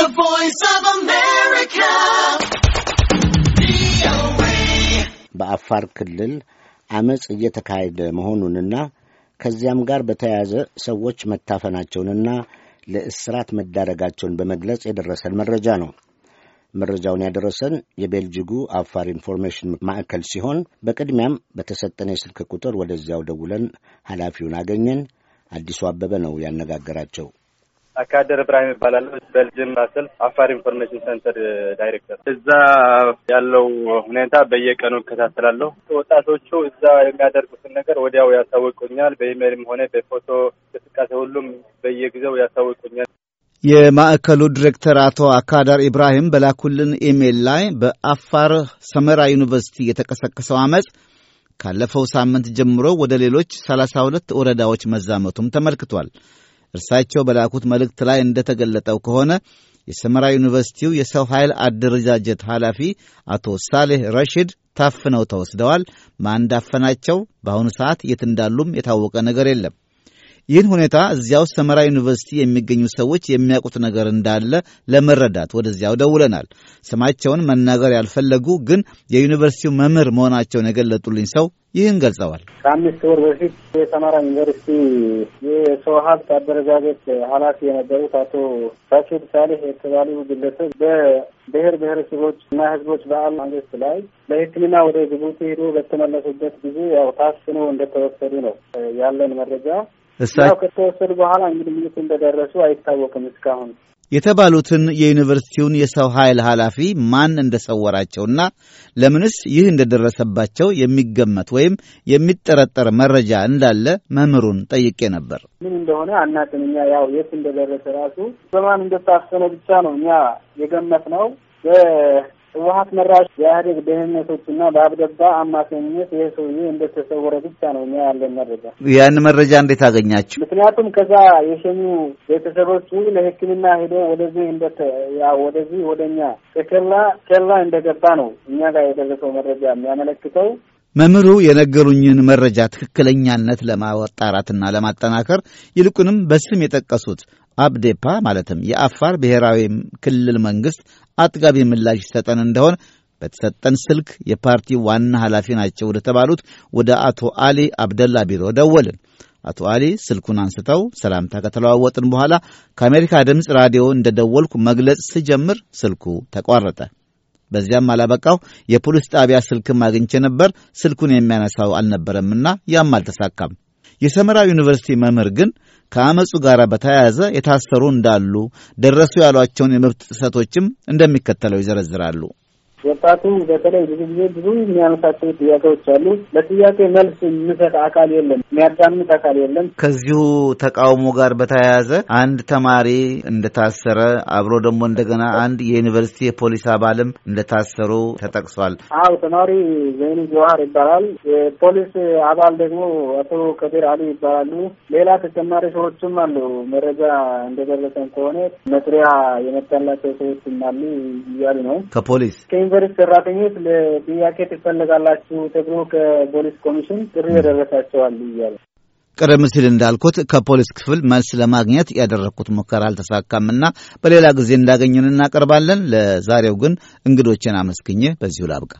The Voice of America. በአፋር ክልል አመፅ እየተካሄደ መሆኑንና ከዚያም ጋር በተያያዘ ሰዎች መታፈናቸውንና ለእስራት መዳረጋቸውን በመግለጽ የደረሰን መረጃ ነው። መረጃውን ያደረሰን የቤልጅጉ አፋር ኢንፎርሜሽን ማዕከል ሲሆን በቅድሚያም በተሰጠነ የስልክ ቁጥር ወደዚያው ደውለን ኃላፊውን አገኘን። አዲሱ አበበ ነው ያነጋገራቸው። አካደር እብራሂም ይባላለሁ። በልጅም ማስል አፋር ኢንፎርሜሽን ሴንተር ዳይሬክተር። እዛ ያለው ሁኔታ በየቀኑ እከታተላለሁ። ወጣቶቹ እዛ የሚያደርጉትን ነገር ወዲያው ያሳውቁኛል። በኢሜይልም ሆነ በፎቶ እንቅስቃሴ ሁሉም በየጊዜው ያሳውቁኛል። የማዕከሉ ዲሬክተር አቶ አካዳር ኢብራሂም በላኩልን ኢሜይል ላይ በአፋር ሰመራ ዩኒቨርሲቲ የተቀሰቀሰው አመፅ ካለፈው ሳምንት ጀምሮ ወደ ሌሎች 32 ወረዳዎች መዛመቱም ተመልክቷል። እርሳቸው በላኩት መልእክት ላይ እንደተገለጠው ከሆነ የሰመራ ዩኒቨርሲቲው የሰው ኃይል አደረጃጀት ኃላፊ አቶ ሳሌህ ረሽድ ታፍነው ተወስደዋል። ማን እንዳፈናቸው በአሁኑ ሰዓት የት እንዳሉም የታወቀ ነገር የለም። ይህን ሁኔታ እዚያው ሰመራ ዩኒቨርሲቲ የሚገኙ ሰዎች የሚያውቁት ነገር እንዳለ ለመረዳት ወደዚያው ደውለናል። ስማቸውን መናገር ያልፈለጉ ግን የዩኒቨርሲቲው መምህር መሆናቸውን የገለጡልኝ ሰው ይህን ገልጸዋል። ከአምስት ወር በፊት የሰመራ ዩኒቨርሲቲ የሰው ሀብት አደረጃጀት ኃላፊ የነበሩት አቶ ሳኪብ ሳሌህ የተባሉ ግለሰብ በብሔር ብሔረሰቦች እና ሕዝቦች በዓል ማግስት ላይ ለሕክምና ወደ ጅቡቲ ሄዶ በተመለሱበት ጊዜ ያው ታስኖ እንደተወሰዱ ነው ያለን መረጃ። እሳቸው ከተወሰዱ በኋላ እንግዲህ የት እንደደረሱ አይታወቅም። እስካሁን የተባሉትን የዩኒቨርሲቲውን የሰው ኃይል ኃላፊ ማን ሰወራቸውና ለምንስ ይህ እንደደረሰባቸው የሚገመት ወይም የሚጠረጠር መረጃ እንዳለ መምህሩን ጠይቄ ነበር። ምን እንደሆነ አናውቅም። እኛ ያው የት እንደደረሰ ራሱ በማን እንደታፈነ ብቻ ነው እኛ የገመት ነው። ህወሀት መራሽ የኢህአዴግ ደህንነቶችና በአብደባ አማካኝነት ይህ ሰውዬ እንደተሰወረ ብቻ ነው እኛ ያለን መረጃ። ያን መረጃ እንዴት አገኛችሁ? ምክንያቱም ከዛ የሸኙ ቤተሰቦቹ ለህክምና ሄዶ ወደዚህ እንደተ ያ ወደዚህ ወደ ከኬላ ኬላ እንደገባ ነው እኛ ጋር የደረሰው መረጃ የሚያመለክተው። መምህሩ የነገሩኝን መረጃ ትክክለኛነት ለማጣራትና ለማጠናከር ይልቁንም በስም የጠቀሱት አብዴፓ ማለትም የአፋር ብሔራዊ ክልል መንግሥት አጥጋቢ ምላሽ ይሰጠን እንደሆን በተሰጠን ስልክ የፓርቲ ዋና ኃላፊ ናቸው ወደ ተባሉት ወደ አቶ አሊ አብደላ ቢሮ ደወልን። አቶ አሊ ስልኩን አንስተው ሰላምታ ከተለዋወጥን በኋላ ከአሜሪካ ድምፅ ራዲዮ እንደደወልኩ መግለጽ ስጀምር ስልኩ ተቋረጠ። በዚያም አላበቃው የፖሊስ ጣቢያ ስልክም አግኝቼ ነበር። ስልኩን የሚያነሳው አልነበረምና ያም አልተሳካም። የሰመራ ዩኒቨርሲቲ መምህር ግን ከአመፁ ጋር በተያያዘ የታሰሩ እንዳሉ ደረሱ ያሏቸውን የመብት ጥሰቶችም እንደሚከተለው ይዘረዝራሉ። ወጣቱ በተለይ ብዙ ጊዜ ብዙ የሚያነሳቸው ጥያቄዎች አሉ። ለጥያቄ መልስ የሚሰጥ አካል የለም፣ የሚያዳምጥ አካል የለም። ከዚሁ ተቃውሞ ጋር በተያያዘ አንድ ተማሪ እንደታሰረ አብሮ ደግሞ እንደገና አንድ የዩኒቨርሲቲ የፖሊስ አባልም እንደታሰሩ ተጠቅሷል። አው ተማሪ ዘይኑ ጀዋር ይባላል። የፖሊስ አባል ደግሞ አቶ ከቢር አሊ ይባላሉ። ሌላ ተጨማሪ ሰዎችም አሉ። መረጃ እንደደረሰን ከሆነ መስሪያ የመጣላቸው ሰዎችም አሉ እያሉ ነው ከፖሊስ ዩኒቨርስቲ ሰራተኞች ለጥያቄ ትፈልጋላችሁ ተብሎ ከፖሊስ ኮሚሽን ጥሪ የደረሳቸዋል እያለ ቀደም ሲል እንዳልኩት ከፖሊስ ክፍል መልስ ለማግኘት ያደረግኩት ሙከራ አልተሳካምና በሌላ ጊዜ እንዳገኙን እናቀርባለን። ለዛሬው ግን እንግዶችን አመስግኜ በዚሁ ላብቃ።